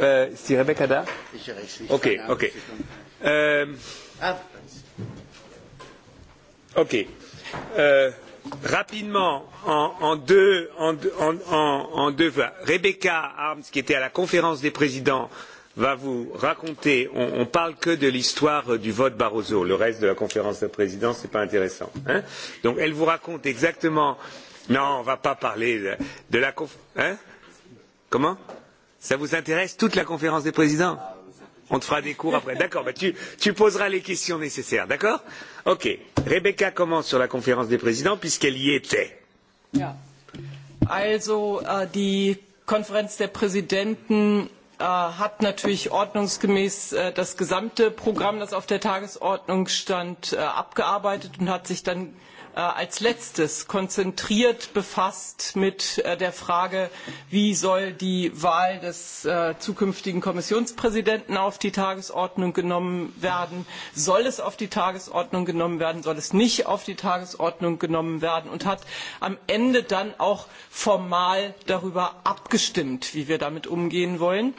E, Ist die Rebecca da? Okay, okay. Euh, okay. Euh, rapidement, en, en deux, en, en, en, en deux, Rebecca Arms, qui était à la conférence des présidents, va vous raconter. On, on parle que de l'histoire du vote Barroso. Le reste de la conférence des présidents, c'est pas intéressant. Hein Donc, elle vous raconte exactement. Non, on va pas parler de, de la conférence. Hein Comment Ça vous intéresse toute la conférence des présidents On te fera des cours après. D'accord, bah tu, tu poseras les questions nécessaires, d'accord Ok. Rebecca commence sur la conférence des présidents puisqu'elle y était. Ja. Also, uh, die Konferenz der Präsidenten äh, hat natürlich ordnungsgemäß äh, das gesamte Programm, das auf der Tagesordnung stand, abgearbeitet und hat sich dann Äh, als letztes konzentriert befasst mit äh, der frage wie die wahl des äh, zukünftigen kommissionspräsidenten auf die tagesordnung genommen werden soll. soll es auf die tagesordnung genommen werden soll es nicht auf die tagesordnung genommen werden? und hat am ende dann auch formal darüber abgestimmt wie wir damit umgehen wollen?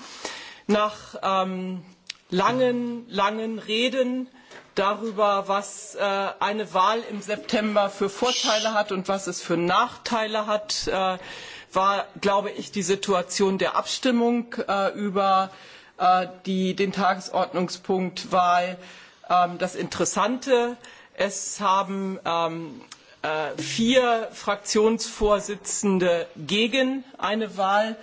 nach ähm, langen langen reden darüber was äh, eine wahl im september für vorteile hat und was sie für nachteile hat äh, war glaube ich die situation der abstimmung äh, über den tagesordnungspunkt wahl ähm, das interessante. es haben ähm, vier fraktionsvorsitzende gegen eine wahl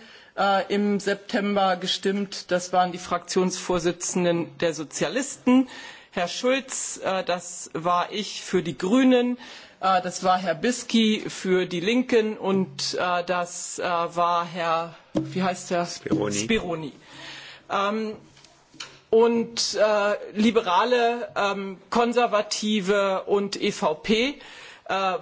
im september gestimmt das waren die fraktionsvorsitzenden der sozialisten herr schulz äh, das war ich für die grünen äh, das war herr bisky für die linken und äh, das war herr speroni. Ähm, liberale ähm, konservative und evp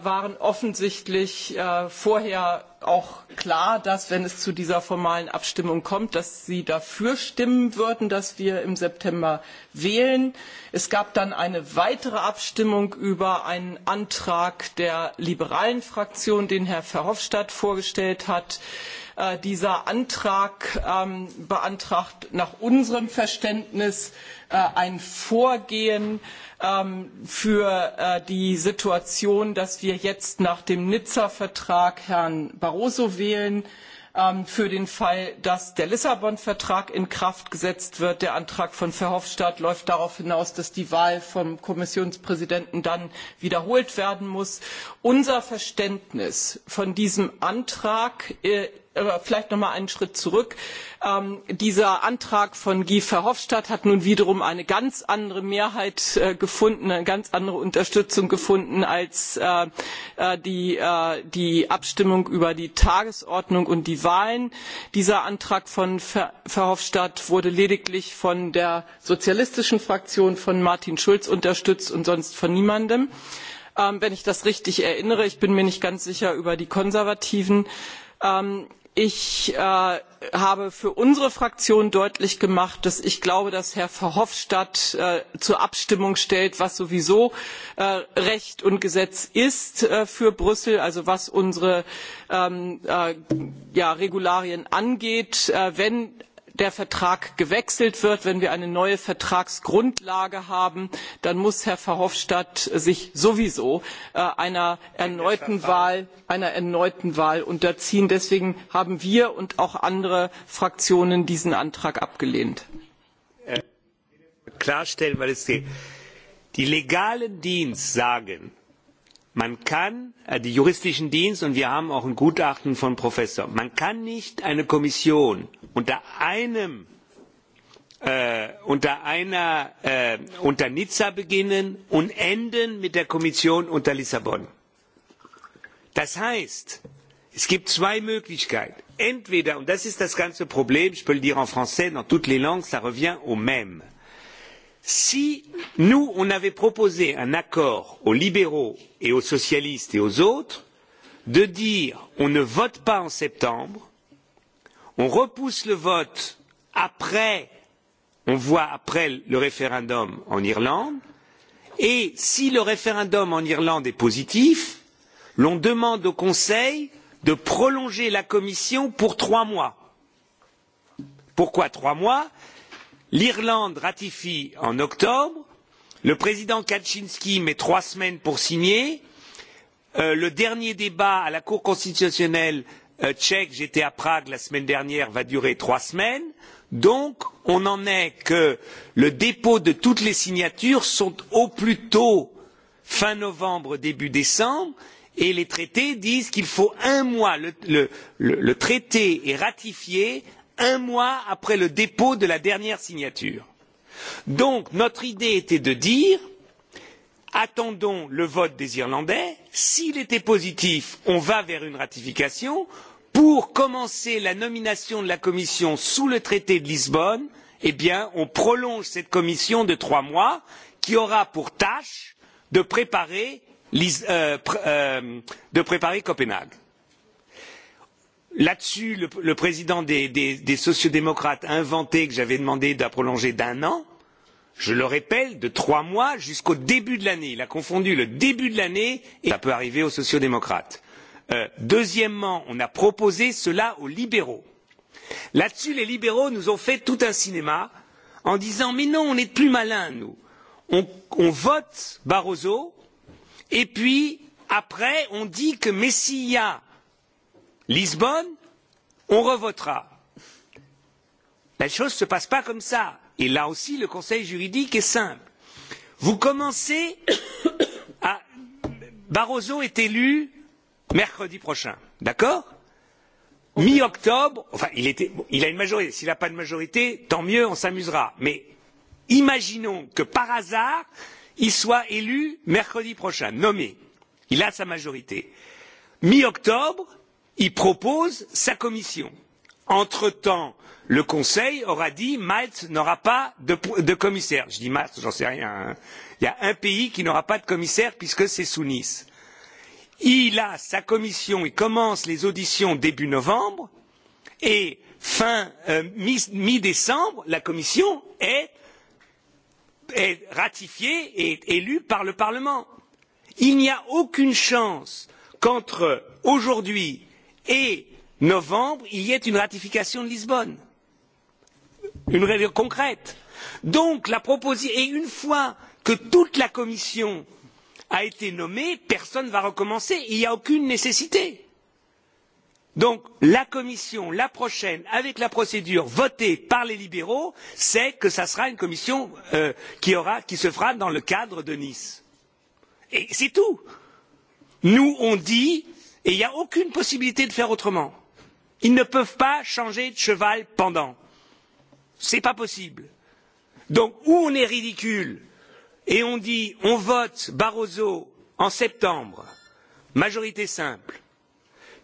waren offensichtlich vorher auch klar, dass wenn es zu dieser formalen Abstimmung kommt, dass Sie dafür stimmen würden, dass wir im September wählen. Es gab dann eine weitere Abstimmung über einen Antrag der liberalen Fraktion, den Herr Verhofstadt vorgestellt hat. Äh, Äh, dieser antrag ähm, beantragt nach unserem verständnis äh, ein vorgehen ähm, für äh, die situation dass wir jetzt nach dem nizza vertrag herrn barroso wählen ähm, für den fall dass der lissabon vertrag in kraft gesetzt wird. der antrag von verhofstadt läuft darauf hinaus dass die wahl vom kommissionspräsidenten dann wiederholt werden muss. unser verständnis von diesem antrag Äh, vielleicht noch mal einen schritt zurück ähm, dieser antrag von guy verhofstadt hat nun wiederum eine ganz andere mehrheit äh, gefunden eine ganz andere unterstützung gefunden als äh, die abstimmung über die tagesordnung und die wahlen. dieser antrag von verhofstadt wurde lediglich von der sozialistischen fraktion von martin schulz unterstützt und sonst von niemandem ähm, wenn ich das richtig erinnere ich bin mir nicht ganz sicher über die konservativen. Ähm, ich äh, habe für unsere fraktion deutlich gemacht dass ich glaube dass herr verhofstadt äh, zur abstimmung stellt was sowieso äh, recht und gesetz ist für brüssel also was unsere ähm, ja, regularien angeht. wenn der vertrag gewechselt wird wenn wir eine neue vertragsgrundlage haben dann muss herr verhofstadt sich sowieso äh, einer erneuten wahl unterziehen. deswegen haben wir und auch andere fraktionen diesen antrag abgelehnt. ich äh, will klarstellen weil die legalen dienste sagen man kann äh, die juristischen dienste und wir haben auch ein gutachten von professor man kann nicht eine kommission unter einem äh, unter einer äh, unter nizza beginnen und enden mit der kommission unter lissabon. das heißt es gibt zwei möglichkeiten entweder und das ist das ganze problem je peux le dire en franais dans toutes les langues cela revient au même si nous on avait proposé un accord aux libéraux et aux socialistes et aux autres de dire on ne vote pas en septembre on repousse le vote après on voit après le référendum en Irlande et si le référendum en Irlande est positif l'on demande au conseil de prolonger la commission pour trois mois pourquoi trois mois? l'irlande ratifie en octobre le président kaczyski met trois semaines pour signer euh, le dernier débat à la cour constitutionnelle euh, tchèque j'étais à prague la semaine dernière va durer trois semaines donc on n'en est que le dépôt de toutes les signatures sont au plus tôt fin novembre début décembre et les traités disent qu'il faut un mois le traité est ratifié un mois après le dépôt de la dernière signature. donc notre idée était de dire attendons le vote des irlandais s'il était positif on va vers une ratification pour commencer la nomination de la commission sous le traité de lisbonne eh bien on prolonge cette commission de trois mois qui aura pour tâche de préparer euh, euh, copenhague. Là dessus, le, le président des, des, des sociaux démocrates a inventé que j'avais demandé de la prolonger d'un an, je le rappelle, de trois mois jusqu'au début de l'année. Il a confondu le début de l'année et ça peut arriver aux sociaux démocrates. Euh, deuxièmement, on a proposé cela aux libéraux. Là dessus, les libéraux nous ont fait tout un cinéma en disant Mais non, on est plus malins, nous. On, on vote Barroso et puis après, on dit que Messia, lisbonne on revotera. les choses ne se passent pas comme cela et là aussi le conseil juridique est simple vous commencez à barroso est élu mercredi prochain d'accord mi octobre enfin il, était, bon, il a une majorité s'il n'a pas de majorité tant mieux on s'amusera mais imaginons que par hasard il soit élu mercredi prochain nommé il a sa majorité mi octobre y propose sa commission. entre temps le conseil aura dit malte n'aura pas de commissaire. je dis malte j'en sais rien. il y a un pays qui n'aura pas de commissaire puisque c'est sous nice. il a sa commission il commence les auditions début novembre et fin euh, mi décembre la commission est est ratifié et élu par le Parlement. Il n'y a aucune chance qu'entre aujourd'hui et novembre, il y ait une ratification de Lisbonne, une réunion concrète. Donc, la proposition et une fois que toute la commission a été nommée, personne ne va recommencer, il n'y a aucune nécessité. Donc, la commission, la prochaine, avec la procédure votée par les libéraux, c'est que ça sera une commission euh, qui, aura, qui se fera dans le cadre de Nice. Et c'est tout. Nous, on dit et il n'y a aucune possibilité de faire autrement. Ils ne peuvent pas changer de cheval pendant. Ce n'est pas possible. Donc, ou on est ridicule et on dit on vote Barroso en septembre, majorité simple,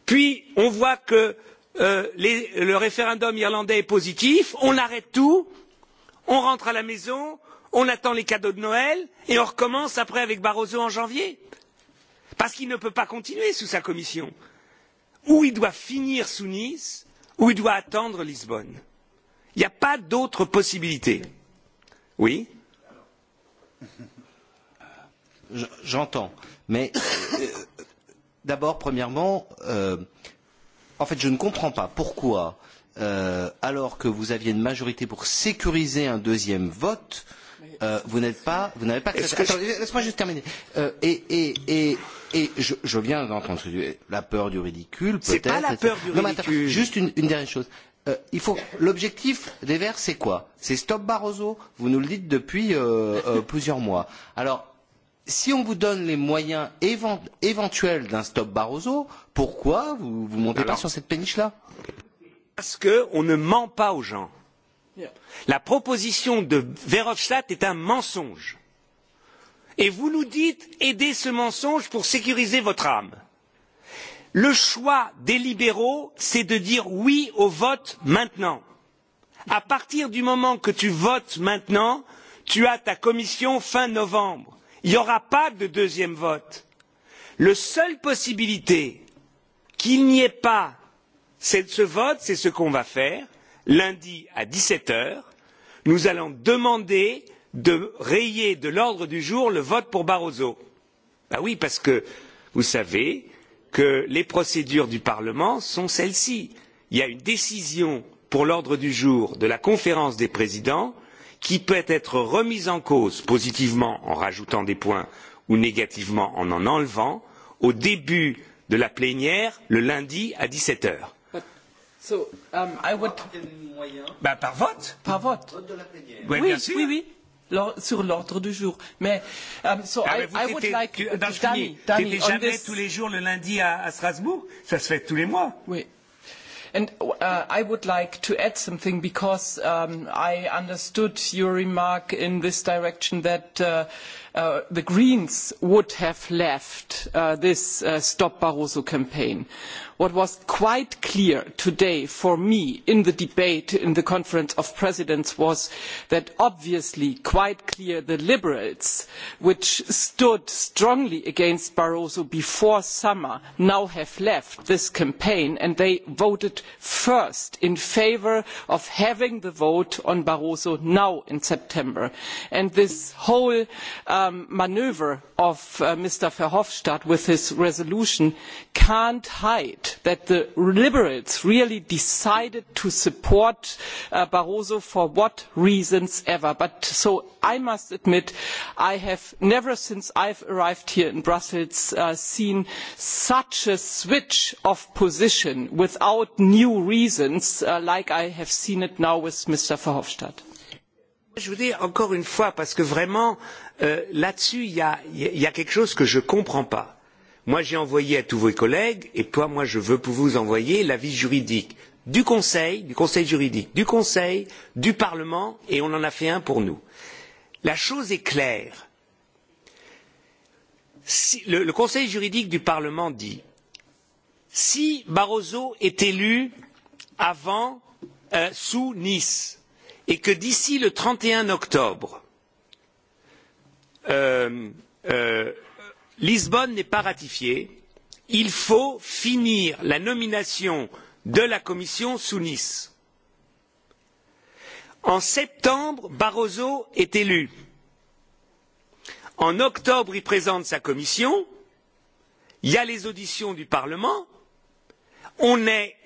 puis on voit que euh, les, le référendum irlandais est positif, on arrête tout, on rentre à la maison, on attend les cadeaux de Noël et on recommence après avec Barroso en janvier parce qu'il ne peut pas continuer sous sa commission. Ou il doit finir sous Nice, ou il doit attendre Lisbonne. Il n'y a pas d'autre possibilité. Oui J'entends. Mais euh, euh, d'abord, premièrement, euh, en fait, je ne comprends pas pourquoi, euh, alors que vous aviez une majorité pour sécuriser un deuxième vote, euh, vous n'êtes pas, vous n'avez pas. Attends, je... Laisse-moi juste terminer. Euh, et, et, et et je, je viens d'entendre la peur du ridicule. C'est pas la peur du ridicule. Non, attends, juste une, une dernière chose. Euh, il faut l'objectif des Verts, c'est quoi C'est stop Barroso. Vous nous le dites depuis euh, euh, plusieurs mois. Alors, si on vous donne les moyens évent, éventuels d'un stop Barroso, pourquoi vous vous montez Alors, pas sur cette péniche là Parce que on ne ment pas aux gens. La proposition de Verhofstadt est un mensonge et vous nous dites aidez ce mensonge pour sécuriser votre âme. le choix des libéraux c'est de dire oui au vote maintenant. à partir du moment où tu votes maintenant tu as ta commission fin novembre il n'y aura pas de deuxième vote. la seule possibilité qu'il n'y ait pas ce vote c'est ce qu'on va faire lundi à dix sept heures nous allons demander de rayer de l'ordre du jour le vote pour Barroso. Ben oui, parce que vous savez que les procédures du Parlement sont celles ci. Il y a une décision pour l'ordre du jour de la conférence des présidents qui peut être remise en cause positivement en rajoutant des points ou négativement en en enlevant au début de la plénière le lundi à 17 heures. So, um, I would... bah, par vote Par vote. vote de la plénière. Ouais, oui, bien sûr. oui, oui sur l'ordre du jour. Mais, um, so ah, I, mais I would like tu, non, Danny, Danny, Danny, jamais this... tous les jours le lundi à, à Strasbourg. Ça se fait tous les mois. Oui. And uh, I would like to add something because um, I understood your remark in this direction that. Uh, Uh, the greens would have left uh, this uh, stop barroso campaign. what was quite clear today for me in the debate in the conference of presidents was that obviously quite clear the liberals which stood strongly against barroso before summer now have left this campaign and they voted first in favour of having the vote on barroso now in september and this whole manoeuvre of uh, mr verhofstadt with his resolution cannot hide that the liberals really decided to support uh, barroso for what reasons ever. so i must admit i have never since i have arrived here in brussels uh, seen such a switch of position without new reasons like i have seen it now with mr verhofstadt je vous dis encore une fois parce que vraiment euh, là dessus il y a, y a quelque chose que je ne comprends pas. Moi j'ai envoyé à tous vos collègues et toi moi je veux vous envoyer l'avis juridique du Conseil, du Conseil juridique, du Conseil, du Parlement et on en a fait un pour nous. La chose est claire si, le, le Conseil juridique du Parlement dit si Barroso est élu avant euh, sous Nice, et que d'ici le trente et un octobre euh, euh, lisbonne n'est pas ratifiée il faut finir la nomination de la commission sous nice. en septembre barroso est élu en octobre il présente sa commission il y a les auditions du parlement on est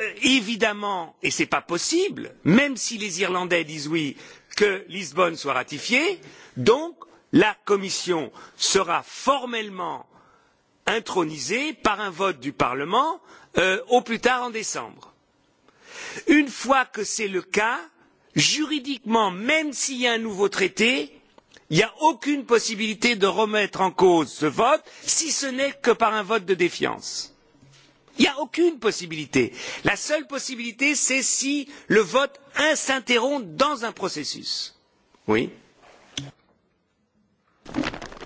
Euh, évidemment et ce n'est pas possible même si les irlandais disent oui que lisbonne soit ratifiée donc la commission sera formellement intronisée par un vote du parlement euh, au plus tard en décembre. une fois que c'est le cas juridiquement même s'il y a un nouveau traité il n'y a aucune possibilité de remettre en cause ce vote si ce n'est que par un vote de défiance n'y a aucune possibilité. la seule possibilité c'est si le vote un s'interrompt dans un processus. oui.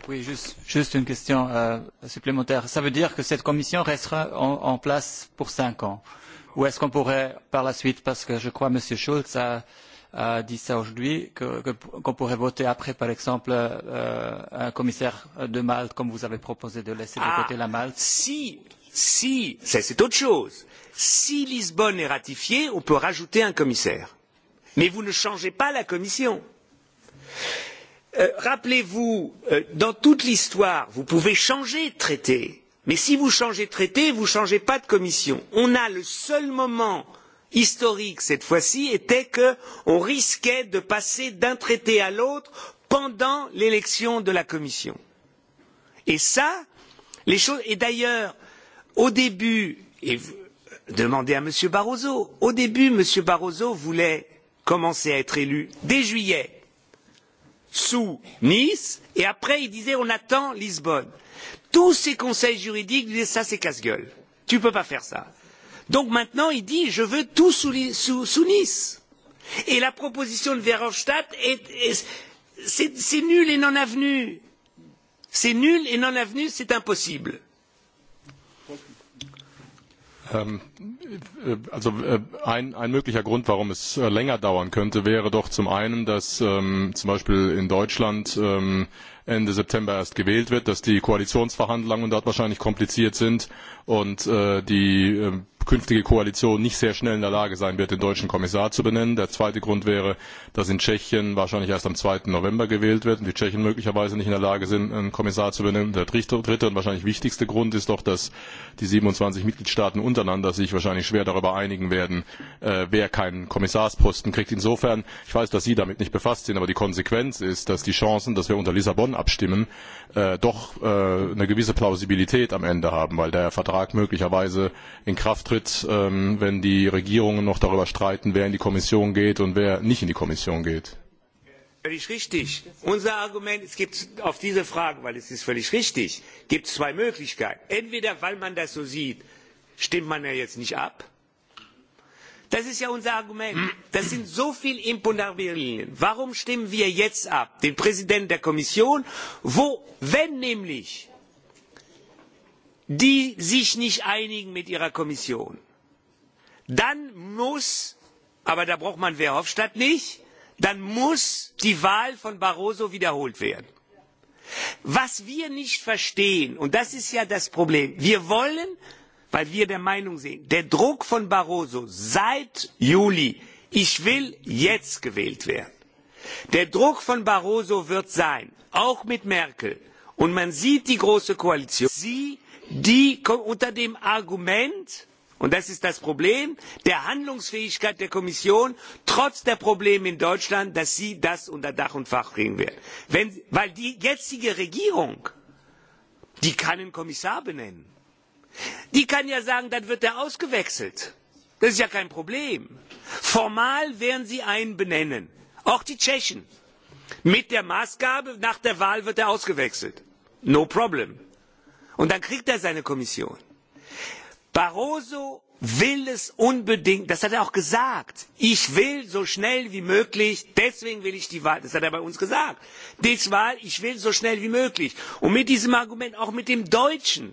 oui juste une question euh, supplémentaire cela veut dire que cette commission restera en place pour cinq ans ou est ce qu'on pourrait par la suite parce que je crois que m. schulz a dit cela aujourd'hui qu'on pourrait voter après par exemple euh, un commissaire de malte comme vous avez proposé de laisser de ah, côté la malte? si ça c'est autre chose si Lisbonne est ratifiée, on peut rajouter un commissaire. Mais vous ne changez pas la commission. Euh, rappelez vous, euh, dans toute l'histoire, vous pouvez changer de traité, mais si vous changez de traité, vous ne changez pas de commission. On a le seul moment historique cette fois ci était qu'on risquait de passer d'un traité à l'autre pendant l'élection de la commission. Et ça, les choses et d'ailleurs, au début et demandez à m. barroso au début m. barroso voulait commencer à être élu dès juillet sous nice et après il disait on attend lisbonne tous ces conseils juridiques disaient ça c'est casse gueule tu ne peux pas faire ça donc maintenant il dit je veux tout sous, sous, sous nice et la proposition de verhofstadt est, est c'est nul et non avenu. C'est nul et non avenu, c'est impossible. Ähm, also äh, ein, ein möglicher Grund, warum es äh, länger dauern könnte, wäre doch zum einen, dass ähm, zum Beispiel in Deutschland ähm, Ende September erst gewählt wird, dass die Koalitionsverhandlungen dort wahrscheinlich kompliziert sind und äh, die äh, künftige Koalition nicht sehr schnell in der Lage sein wird, den deutschen Kommissar zu benennen. Der zweite Grund wäre, dass in Tschechien wahrscheinlich erst am 2. November gewählt wird und die Tschechen möglicherweise nicht in der Lage sind, einen Kommissar zu benennen. Der dritte und wahrscheinlich wichtigste Grund ist doch, dass die 27 Mitgliedstaaten untereinander sich wahrscheinlich schwer darüber einigen werden, äh, wer keinen Kommissarsposten kriegt. Insofern, ich weiß, dass Sie damit nicht befasst sind, aber die Konsequenz ist, dass die Chancen, dass wir unter Lissabon Parteien abstimmen, äh, doch äh, eine gewisse Plausibilität am Ende haben, weil der Vertrag möglicherweise in Kraft tritt, ähm, wenn die Regierungen noch darüber streiten, wer in die Kommission geht und wer nicht in die Kommission geht. Völlig richtig. Unser Argument, es gibt auf diese Frage, weil es ist völlig richtig, gibt es zwei Möglichkeiten. Entweder, weil man das so sieht, stimmt man ja jetzt nicht ab, Das ist ja unser Argument. Das sind so viele Imponabilien. Warum stimmen wir jetzt ab, den Präsidenten der Kommission, wo, wenn nämlich die sich nicht einigen mit ihrer Kommission, dann muss, aber da braucht man Verhofstadt nicht, dann muss die Wahl von Barroso wiederholt werden. Was wir nicht verstehen, und das ist ja das Problem, wir wollen weil wir der Meinung sind, der Druck von Barroso seit Juli, ich will jetzt gewählt werden, der Druck von Barroso wird sein, auch mit Merkel, und man sieht die große Koalition, sie, die unter dem Argument, und das ist das Problem der Handlungsfähigkeit der Kommission, trotz der Probleme in Deutschland, dass sie das unter Dach und Fach bringen wird. Wenn, weil die jetzige Regierung, die kann einen Kommissar benennen die kann ja sagen dann wird er ausgewechselt das ist ja kein problem. formal werden sie einen benennen auch die tschechen mit der maßgabe nach der wahl wird er ausgewechselt no problem und dann kriegt er seine kommission. barroso will es unbedingt das hat er auch gesagt ich will so schnell wie möglich deswegen will ich die wahl das hat er bei uns gesagt die wahl ich will so schnell wie möglich und mit diesem argument auch mit dem deutschen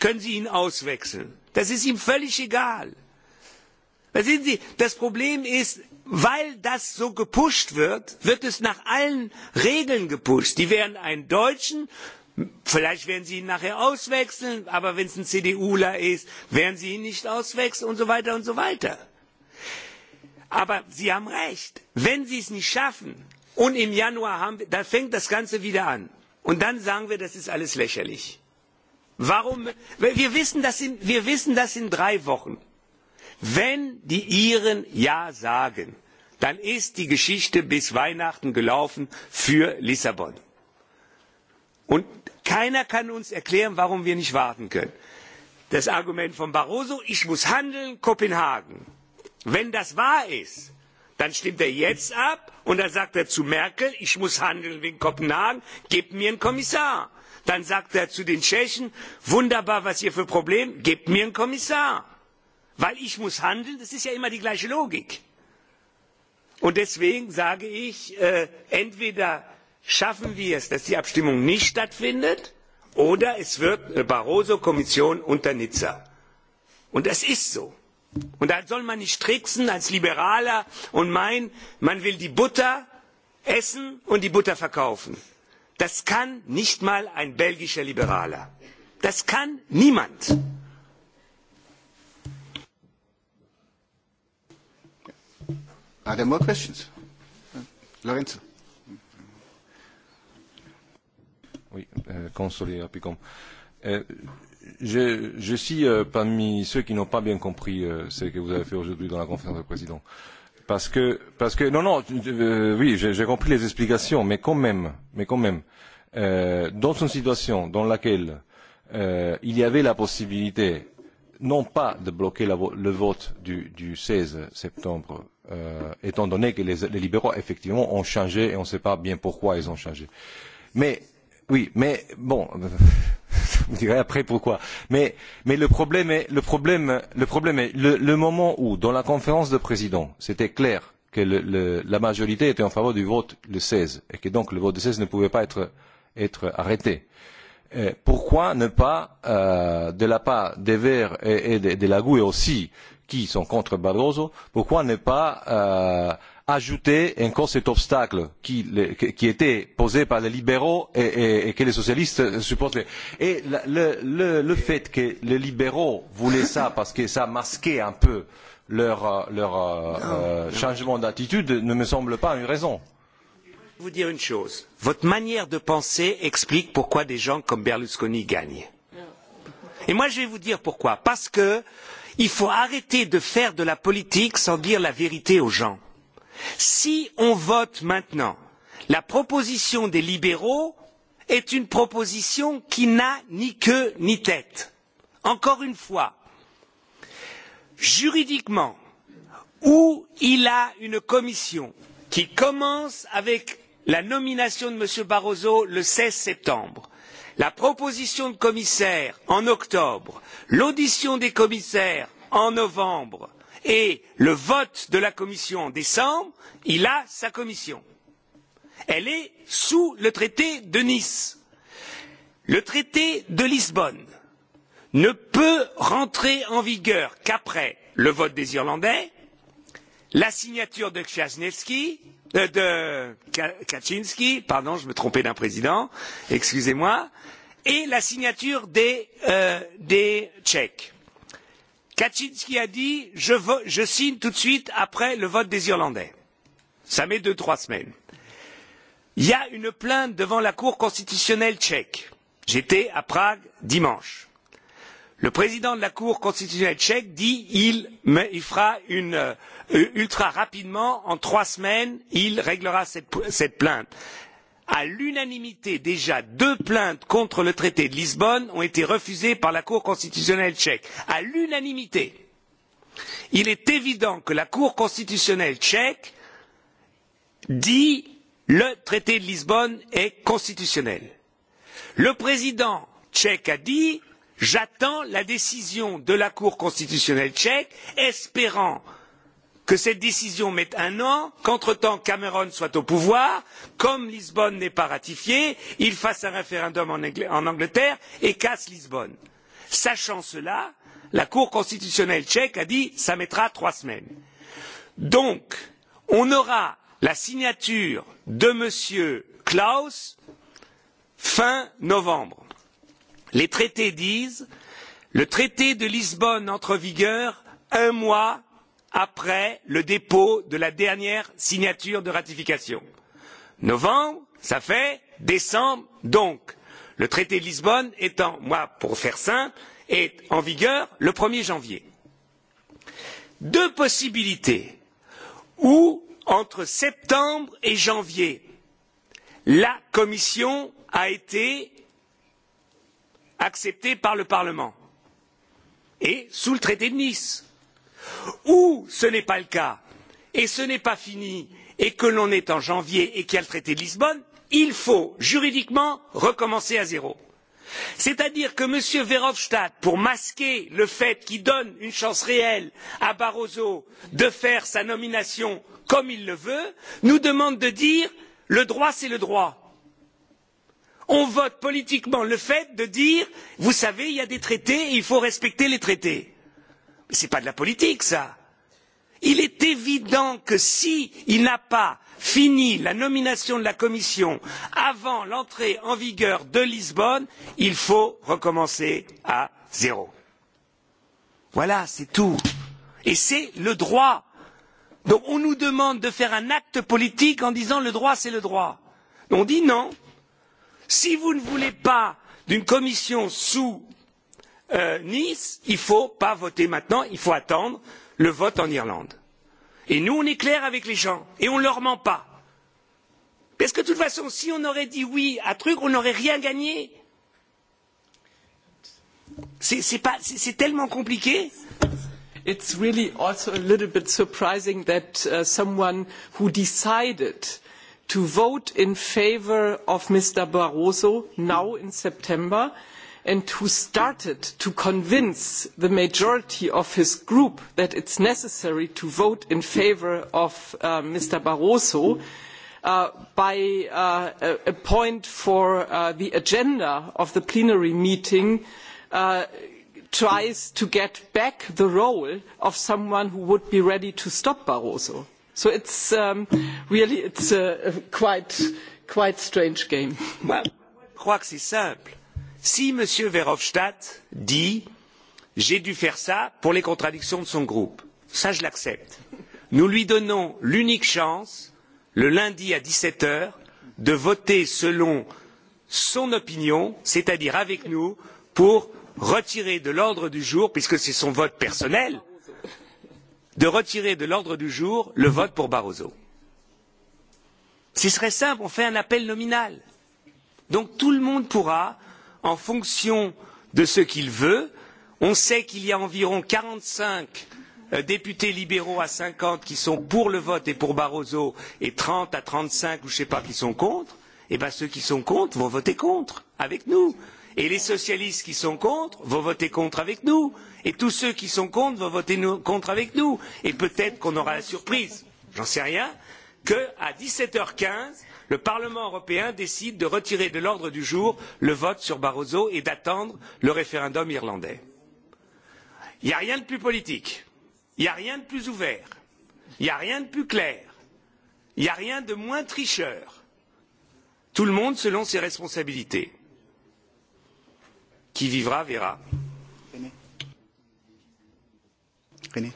können sie ihn auswechseln. das ist ihm völlig egal. Sehen sie, das problem ist weil das so gepusht wird wird es nach allen regeln gepusht. die werden einen deutschen vielleicht werden sie ihn nachher auswechseln aber wenn es ein cduler ist werden sie ihn nicht auswechseln und so weiter und so weiter. aber sie haben recht wenn sie es nicht schaffen und im januar haben wir, da fängt das ganze wieder an und dann sagen wir das ist alles lächerlich warum wir wissen das in, wir wissen das in drei wochen wenn die iren ja sagen dann ist die geschichte bis weihnachten gelaufen für lissabon und keiner kann uns erklären warum wir nicht warten können. das argument von barroso ich muss handeln kopenhagen wenn das wahr ist dann stimmt er jetzt ab und dann sagt er zu merkel ich muss handeln wegen kopenhagen gebt mir einen kommissar dann sagt er zu den tschechen wunderbar was ihr für ein problem gebt mir einen kommissar weil ich muss handeln das ist ja immer die gleiche logik. und deswegen sage ich äh, entweder schaffen wir es dass die abstimmung nicht stattfindet oder es wird eine barroso kommission unter nizza. und das ist so. und da soll man nicht tricksen als liberaler und meinen man will die butter essen und die butter verkaufen das kann nicht mal ein belgischer liberaler das kann niemand! are there more questions? lorenzo? Oui, euh, consoler Apicom. Euh, je, je suis euh, parmi ceux qui n'ont pas bien compris euh, ce que vous avez fait aujourd'hui dans la conférence des présidents. Euh, parce que parce que non non euh, oui j'ai compris les explications mais quand même mais quand même euh, dans une situation dans laquelle euh, il y avait la possibilité non pas de bloquer la, le vote du, du 16 septembre euh, étant donné que les, les libéraux effectivement ont changé et on ne sait pas bien pourquoi ils ont changé mais oui mais bon vous direz après pourquoi. Mais, mais le problème est le problème le problème est le, le moment où dans la conférence de président c'était clair que le, le, la majorité était en faveur du vote le 16 et que donc le vote le 16 ne pouvait pas être, être arrêté. Et euh, pourquoi ne pas euh, de la part des Verts et, et de, de la GUE aussi qui sont contre Barroso, pourquoi ne pas euh, ajouter encore cet obstacle qui, le, qui était posé par les libéraux et, et, et que les socialistes supportent. Et le, le, le, le fait que les libéraux voulaient ça parce que ça masquait un peu leur, leur euh, non, euh, non. changement d'attitude ne me semble pas une raison. Je vais vous dire une chose. Votre manière de penser explique pourquoi des gens comme Berlusconi gagnent. Et moi, je vais vous dire pourquoi. Parce qu'il faut arrêter de faire de la politique sans dire la vérité aux gens si on vote maintenant la proposition des libéraux est une proposition qui n'a ni queue ni tête. encore une fois juridiquement où il a une commission qui commence avec la nomination de M. Barroso le 16 septembre, la proposition de commissaire en octobre, l'audition des commissaires en novembre, et le vote de la commission en décembre il a sa commission elle est sous le traité de nice. le traité de lisbonne ne peut entrer en vigueur qu'après le vote des irlandais la signature de kwasniewski euh, de kaczynski pardon je me trompais d'un président excusez moi et la signature des, euh, des tchèques kaczyski a dit je je signe tout de suite après le vote des irlandais ça met deux trois semaines il y a une plainte devant la cour constitutionnelle tchèque j'étais à prague dimanche le président de la cour constitutionnelle tchèque dit il il fera une euh, ultra rapidement en trois semaines il réglera cette cette plainte à l'unanimité déjà deux plaintes contre le traité de lisbonne ont été refusées par la cour constitutionnelle tchèque à l'unanimité. il est évident que la cour constitutionnelle tchèque dit le traité de lisbonne est constitutionnel. le président tchèque a dit j'attends la décision de la cour constitutionnelle tchèque espérant que cette décision mette un an qu'entre temps cameron soit au pouvoir comme lisbonne n'est pas ratifiée il fasse un référendum en angleterre et casse lisbonne. sachant cela la cour constitutionnelle tchèque a dit ça mettra trois semaines. donc on aura la signature de m. klaus fin novembre. les traités disent le traité de lisbonne entre en vigueur un mois après le dépôt de la dernière signature de ratification. novembre cela fait décembre donc le traité de lisbonne étant pour faire simple est en vigueur le un er janvier. deux possibilités ou entre septembre et janvier la commission a été acceptée par le parlement et sous le traité de nice ou ce n'est pas le cas et ce n'est pas fini et que l'on est en janvier et qu'il y a le traité de lisbonne il faut juridiquement recommencer à zéro. c'est à dire que m. verhofstadt pour masquer le fait qu'il donne une chance réelle à barroso de faire sa nomination comme il le veut nous demande de dire le droit c'est le droit. On vote politiquement le fait de dire, vous savez, il y a des traités et il faut respecter les traités. Mais ce n'est pas de la politique, ça. Il est évident que s'il si n'a pas fini la nomination de la Commission avant l'entrée en vigueur de Lisbonne, il faut recommencer à zéro. Voilà, c'est tout. Et c'est le droit. Donc on nous demande de faire un acte politique en disant le droit, c'est le droit. On dit non. Si vous ne voulez pas d'une commission sous Euh, nice il ne faut pas voter maintenant il faut attendre le vote en irlande. et nous on est clairs avec les gens et on ne leur ment pas parce que de toute façon si on avait dit oui à un truc on n'aurait rien gagné. c'est tellement compliqué. It's really also a little bit surprising that uh, someone who decided to vote in favour of Mr Barroso now in September uh, and who started to convince the majority of his group that it is necessary to vote in favour of uh, mr barroso uh, by uh, a point for the agenda of the plenary meeting tries to get back the role of someone who would be ready to stop barroso. so it is um, really quite a strange game. je crois que c'est simple si m. verhofstadt dit j'ai dû faire cela pour les contradictions de son groupe cela je l'accepte nous lui donnons l'unique chance le lundi à dix sept heures de voter selon son opinion c'est à dire avec nous pour retirer de l'ordre du jour puisque c'est son vote personnel de retirer de l'ordre du jour le vote pour barroso. ce serait simple on fait un appel nominal donc tout le monde pourra en fonction de ce qu'il veut. On sait qu'il y a environ 45 euh, députés libéraux à 50 qui sont pour le vote et pour Barroso et 30 à 35 ou je ne sais pas qui sont contre. Eh bien, ceux qui sont contre vont voter contre avec nous. Et les socialistes qui sont contre vont voter contre avec nous. Et tous ceux qui sont contre vont voter nous, contre avec nous. Et peut-être qu'on aura la surprise. J'en sais rien qu'à dix sept heures quinze le parlement européen décide de retirer de l'ordre du jour le vote sur barroso et d'attendre le référendum irlandais. il n'y a rien de plus politique il n'y a rien de plus ouvert il n'y a rien de plus clair il n'y a rien de moins tricheur tout le monde selon ses responsabilités qui vivra verra. René. René.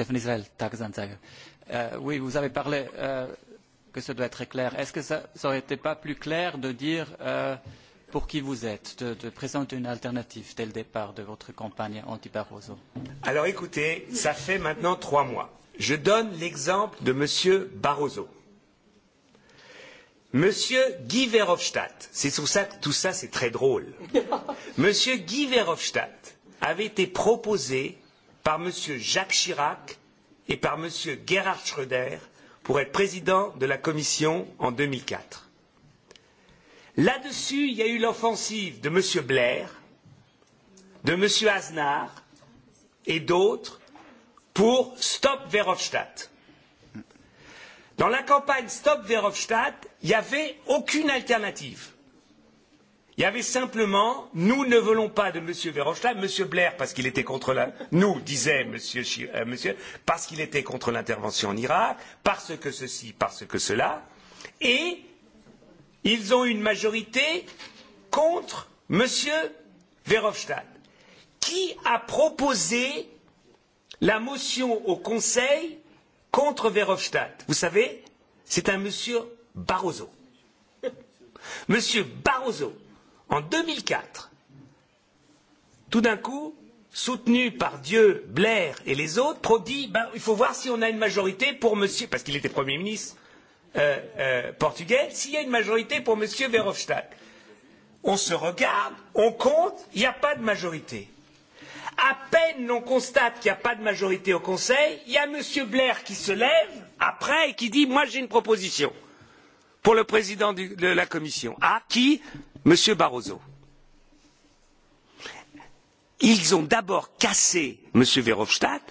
Stephen Israel, Tagesanzeiger. Euh, oui, vous avez parlé euh, que ça doit être clair. Est-ce que ça n'aurait été pas plus clair de dire euh, pour qui vous êtes, de, de présenter une alternative dès le départ de votre campagne anti-Barroso Alors écoutez, ça fait maintenant trois mois. Je donne l'exemple de M. Barroso. M. Guy Verhofstadt, c'est pour ça que tout ça c'est très drôle. M. Guy Verhofstadt avait été proposé par M. Jacques Chirac et par M. Gerhard Schröder pour être président de la Commission en 2004. Là-dessus, il y a eu l'offensive de M. Blair, de M. Aznar et d'autres pour Stop Verhofstadt. Dans la campagne Stop Verhofstadt, il n'y avait aucune alternative. Il y avait simplement, nous ne voulons pas de M. Verhofstadt, M. Blair, parce qu'il était contre la, nous, disait monsieur, euh, monsieur, parce qu'il était contre l'intervention en Irak, parce que ceci, parce que cela, et ils ont une majorité contre M. Verhofstadt, qui a proposé la motion au Conseil contre Verhofstadt. Vous savez, c'est un monsieur Barroso. Monsieur Barroso en deux mille quatre tout d'un coup soutenu par Dieu, Blair et les autres, Pro dit ben, il faut voir si on a une majorité pour monsieur parce qu'il était Premier ministre euh, euh, portugais s'il y a une majorité pour monsieur Verhofstadt. On se regarde, on compte, il n'y a pas de majorité. À peine l'on constate qu'il n'y a pas de majorité au Conseil, il y a monsieur Blair qui se lève après et qui dit Moi j'ai une proposition pour le président de la commission à qui monsieur barroso? ils ont d'abord cassé monsieur verhofstadt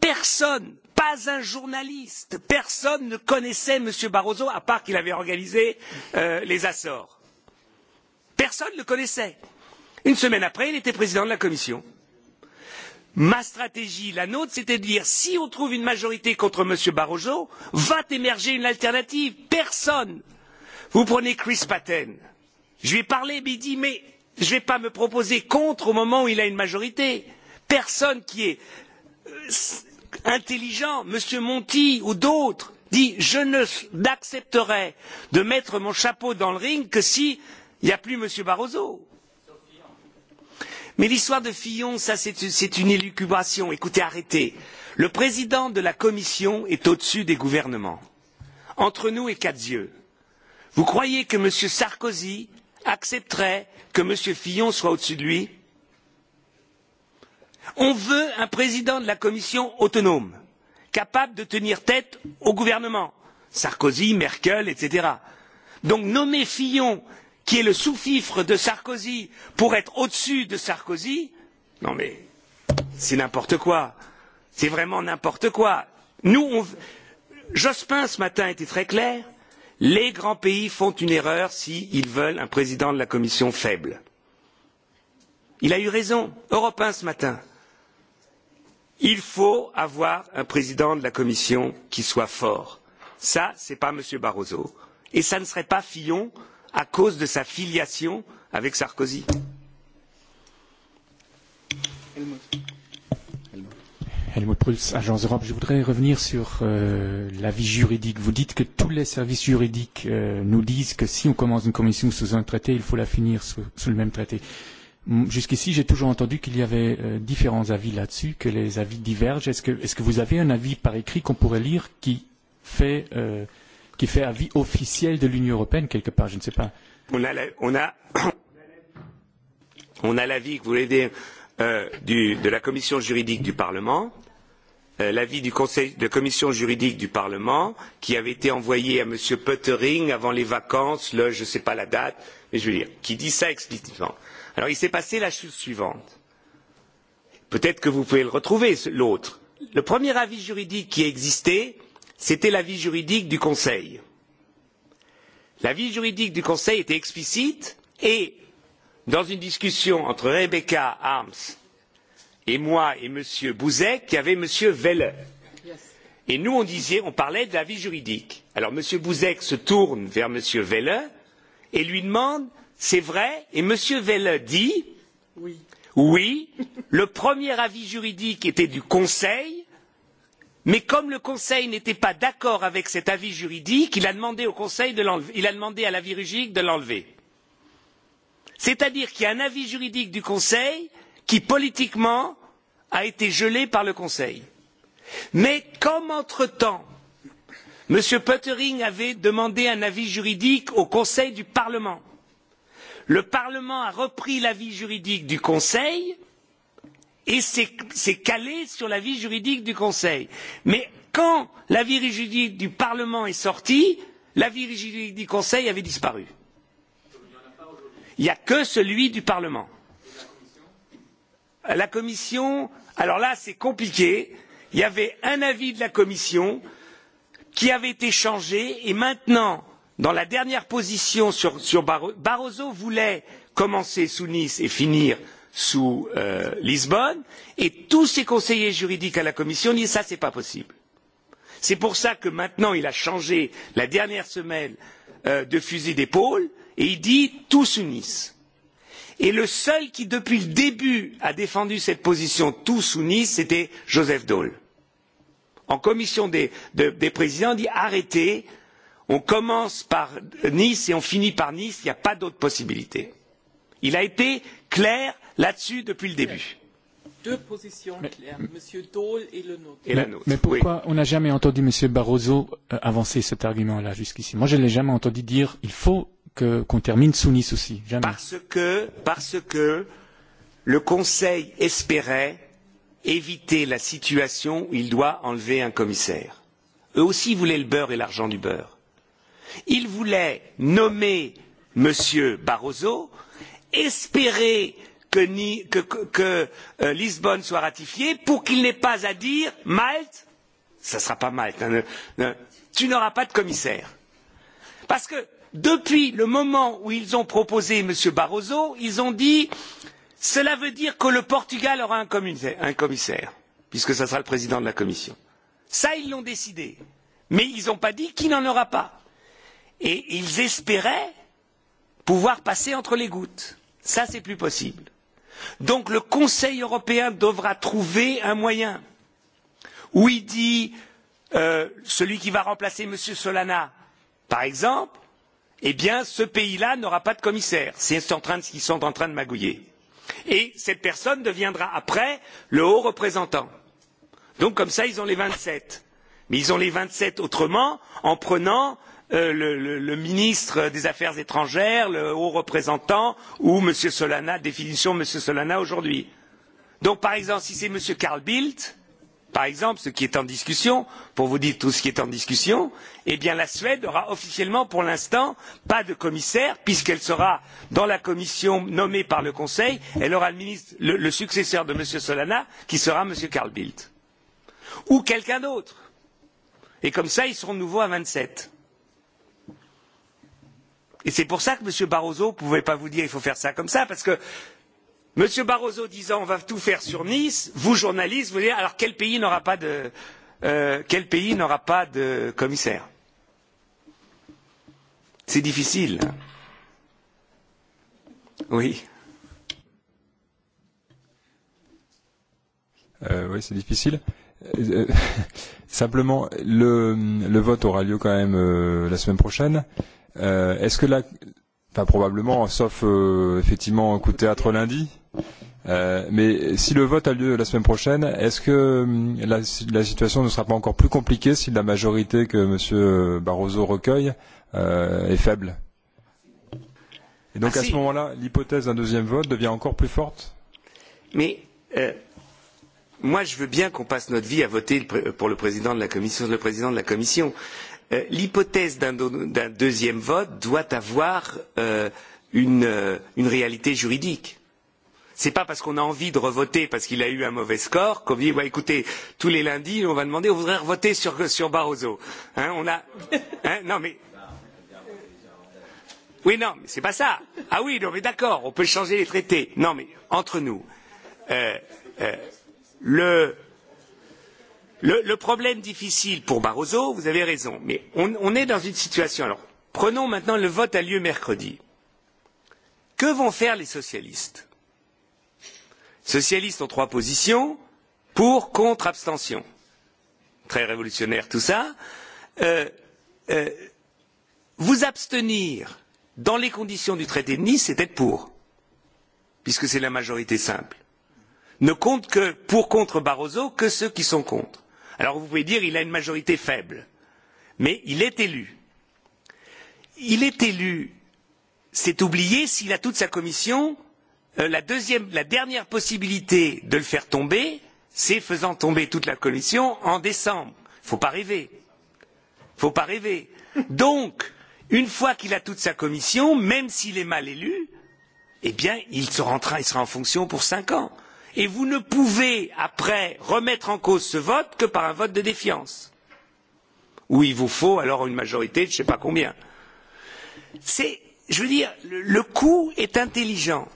personne pas un journaliste personne ne connaissait monsieur barroso à part qu'il avait organisé euh, les açores personne ne le connaissait une semaine après il était président de la commission ma stratégie la nôtre c'était de dire si on trouve une majorité contre m. barroso va émerger une alternative. personne. vous prenez chris patten je lui ai parlé mais il dit mais je ne vais pas me proposer contre au moment où il a une majorité. personne qui est euh, intelligent m. monti ou d'autres dit je ne n'accepterai de mettre mon chapeau dans le ring que s'il n'y a plus m. barroso. Mais l'histoire de Fillon, ça c'est une élucubration. Écoutez, arrêtez. Le président de la Commission est au-dessus des gouvernements. Entre nous et quatre yeux. Vous croyez que M. Sarkozy accepterait que M. Fillon soit au-dessus de lui On veut un président de la Commission autonome, capable de tenir tête au gouvernement. Sarkozy, Merkel, etc. Donc nommer Fillon qui est le sous fifre de Sarkozy pour être au dessus de Sarkozy, non mais c'est n'importe quoi. C'est vraiment n'importe quoi. Nous, on... Jospin, ce matin, était très clair les grands pays font une erreur s'ils veulent un président de la Commission faible. Il a eu raison, Européen ce matin. Il faut avoir un président de la Commission qui soit fort. Ça, ce n'est pas M. Barroso. Et ça ne serait pas Fillon, à cause de sa filiation avec Sarkozy. Helmut. Helmut Prus, Agence Europe, je voudrais revenir sur euh, l'avis juridique. Vous dites que tous les services juridiques euh, nous disent que si on commence une commission sous un traité, il faut la finir sous, sous le même traité. Jusqu'ici, j'ai toujours entendu qu'il y avait euh, différents avis là-dessus, que les avis divergent. Est-ce que, est-ce que vous avez un avis par écrit qu'on pourrait lire qui fait euh, qui fait avis officiel de l'Union européenne quelque part, je ne sais pas. On a, la, on a, on a l'avis que vous voulez dire euh, du, de la commission juridique du Parlement, euh, l'avis du conseil de commission juridique du Parlement qui avait été envoyé à Monsieur Pottering avant les vacances, le je ne sais pas la date, mais je veux dire, qui dit ça explicitement. Alors il s'est passé la chose suivante. Peut-être que vous pouvez le retrouver, l'autre. Le premier avis juridique qui a existé, c'était l'avis juridique du conseil. l'avis juridique du conseil était explicite et dans une discussion entre rebecca harms et moi et m. bouzek il y avait m. welle et nous on disait on parlait de l'avis juridique. alors m. bouzek se tourne vers m. welle et lui demande c'est vrai et m. welle dit oui. oui le premier avis juridique était du conseil mais comme le conseil n'était pas d'accord avec cet avis juridique il a demandé au conseil il a demandé à la virugic de l'enlever. c'est à dire qu'il y a un avis juridique du conseil qui politiquement a été gelé par le conseil. mais comme entre temps m. pöttering avait demandé un avis juridique au conseil du parlement le parlement a repris l'avis juridique du conseil et c'est calé sur l'avis juridique du conseil. mais quand l'avis juridique du parlement est sorti l'avis juridique du conseil avait disparu. il n'y a que celui du parlement. la commission alors là c'est compliqué il y avait un avis de la commission qui avait été changé et maintenant dans la dernière position sur, sur Barroso, Barroso voulait commencer sous Nice et finir sous euh, Lisbonne et tous ses conseillers juridiques à la Commission disent ça c'est pas possible. C'est pour ça que maintenant il a changé la dernière semaine euh, de fusil d'épaule et il dit tous unissent. Et le seul qui depuis le début a défendu cette position tous unissent c'était Joseph Daul. En commission des, de, des présidents, on dit arrêtez, on commence par Nice et on finit par Nice, il n'y a pas d'autre possibilité. Il a été clair, là dessus depuis le début. Deux positions mais, claires, M. Dole et le nôtre. Et la nôtre. Mais pourquoi oui. on n'a jamais entendu M. Barroso euh, avancer cet argument-là jusqu'ici Moi, je ne l'ai jamais entendu dire il faut qu'on qu termine sous Nice aussi. Jamais. Parce, que, parce que le Conseil espérait éviter la situation où il doit enlever un commissaire. Eux aussi voulaient le beurre et l'argent du beurre. Ils voulaient nommer M. Barroso, espérer que, que, que, que euh, Lisbonne soit ratifiée pour qu'il n'ait pas à dire Malte, ça ne sera pas Malte, hein, ne, ne, tu n'auras pas de commissaire. Parce que depuis le moment où ils ont proposé M. Barroso, ils ont dit cela veut dire que le Portugal aura un, un commissaire, puisque ça sera le président de la Commission. Ça, ils l'ont décidé. Mais ils n'ont pas dit qu'il n'en aura pas. Et ils espéraient pouvoir passer entre les gouttes. Ça, c'est plus possible donc le conseil européen devra trouver un moyen où il dit euh, celui qui va remplacer m. solana par exemple eh bien ce pays là n'aura pas de commissaire c'est en train de ce qu'ils sont en train de magouiller et cette personne deviendra après le haut représentant donc comme ça ils ont les vingt sept mais ils ont les vingt sept autrement en prenant Euh, le ministre des affaires étrangères le haut représentant ou m. solana définition de m. solana aujourd'hui. donc par exemple si c'est m. carl bildt par exemple ce qui est en discussion pour vous dire tout ce qui est en discussion eh bien la suède n'aura officiellement pour l'instant pas de commissaire puisqu'elle sera dans la commission nommée par le conseil elle aura le, ministre, le, le successeur de m. solana qui sera m. carl bildt ou quelqu'un d'autre et comme ça ils seront nouveaux à vingt sept. Et c'est pour ça que M. Barroso ne pouvait pas vous dire il faut faire ça comme ça, parce que M. Barroso disant on va tout faire sur Nice, vous journalistes, vous dites alors quel pays n'aura pas de, euh, quel pays n'aura pas de commissaire C'est difficile. Oui. Euh, oui, c'est difficile. Euh, euh simplement, le, le vote aura lieu quand même euh, la semaine prochaine. Euh, Euh, Est-ce que là, enfin, probablement, sauf euh, effectivement coup de théâtre lundi euh, mais si le vote a lieu la semaine prochaine, est-ce que la, la situation ne sera pas encore plus compliquée si la majorité que M. Euh, Barroso recueille euh, est faible Et donc ah, à si. ce moment-là, l'hypothèse d'un deuxième vote devient encore plus forte Mais euh, moi, je veux bien qu'on passe notre vie à voter pour le président de la commission, le président de la commission. Euh, l'hypothèse d'un deuxième vote doit avoir euh, une, euh, une réalité juridique. Ce n'est pas parce qu'on a envie de revoter parce qu'il a eu un mauvais score qu'on dit bah, écoutez, tous les lundis, on va demander on voudrait revoter sur, sur Barroso. Hein, on a. Hein, non, mais. Oui, non, mais ce n'est pas ça. Ah oui, non, mais d'accord, on peut changer les traités. Non, mais entre nous, euh, euh, le le problème difficile pour barroso vous avez raison mais on, on est dans une situation alors prenons maintenant le vote a lieu mercredi que vont faire les socialistes? socialistes ont trois positions pour contre abstention très révolutionnaire tout ça euh, euh, vous abstenir dans les conditions du traité de nice c'est être pour puisque c'est la majorité simple ne compte que pour contre barroso que ceux qui sont contre alors vous pouvez dire qu'il a une majorité faible mais il est élu il est élu c'est oublié s'il a toute sa commission euh, la, deuxième, la dernière possibilité de le faire tomber c'est faisant tomber toute la commission en décembre faut pas rêver faut pas rêver donc une fois qu'il a toute sa commission même s'il est mal élu eh bien il sera en train il sera en fonction pour cinq ans et vous ne pouvez après remettre en cause ce vote que par un vote de défiance où il vous faut alors une majorité de je ne sais pas combien. c'est je veux dire le, le coup est intelligent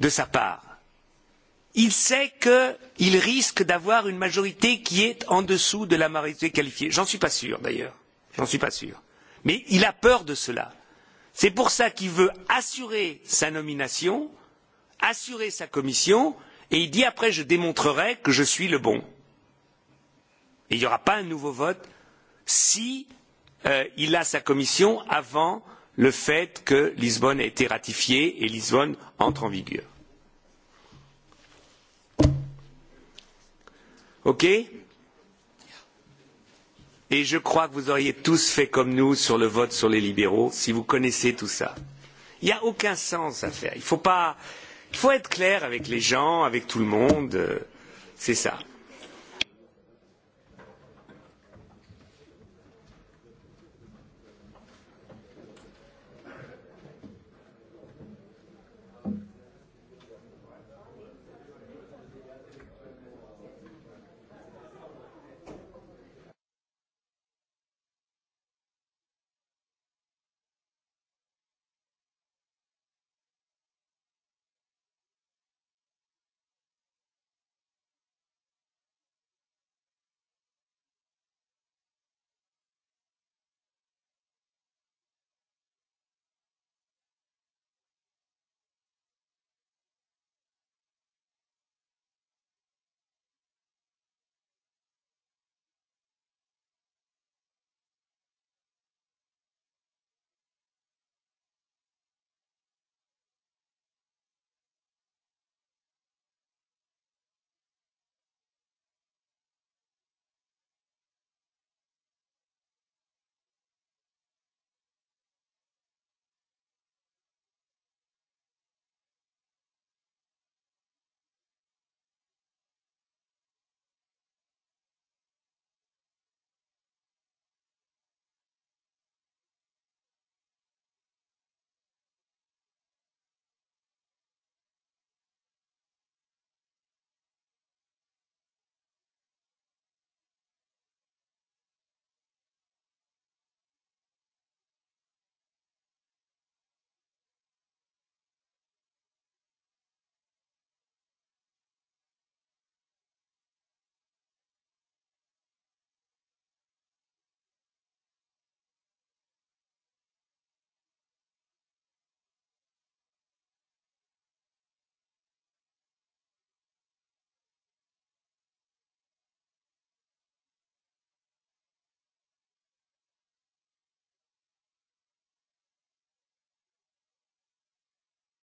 de sa part il sait qu'il risque d'avoir une majorité qui est en dessous de la majorité qualifiée j'en suis pas sûr d'ailleurs j'en suis pas sûr mais il a peur de cela c'est pour ça qu'il veut assurer sa nomination assurer sa commission et il dit après je démontrerai que je suis le bon. Et il n'y aura pas un nouveau vote si euh, il a sa commission avant le fait que Lisbonne ait été ratifiée et Lisbonne entre en vigueur. OK Et je crois que vous auriez tous fait comme nous sur le vote sur les libéraux, si vous connaissez tout ça. Il n'y a aucun sens à faire. Il ne faut pas. Euh, Il faut être clair avec les gens, avec tout le monde. Euh, c'est ça.